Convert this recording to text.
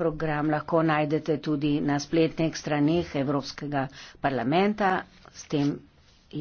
Program lahko najdete tudi na spletnih straneh Evropskega parlamenta. S tem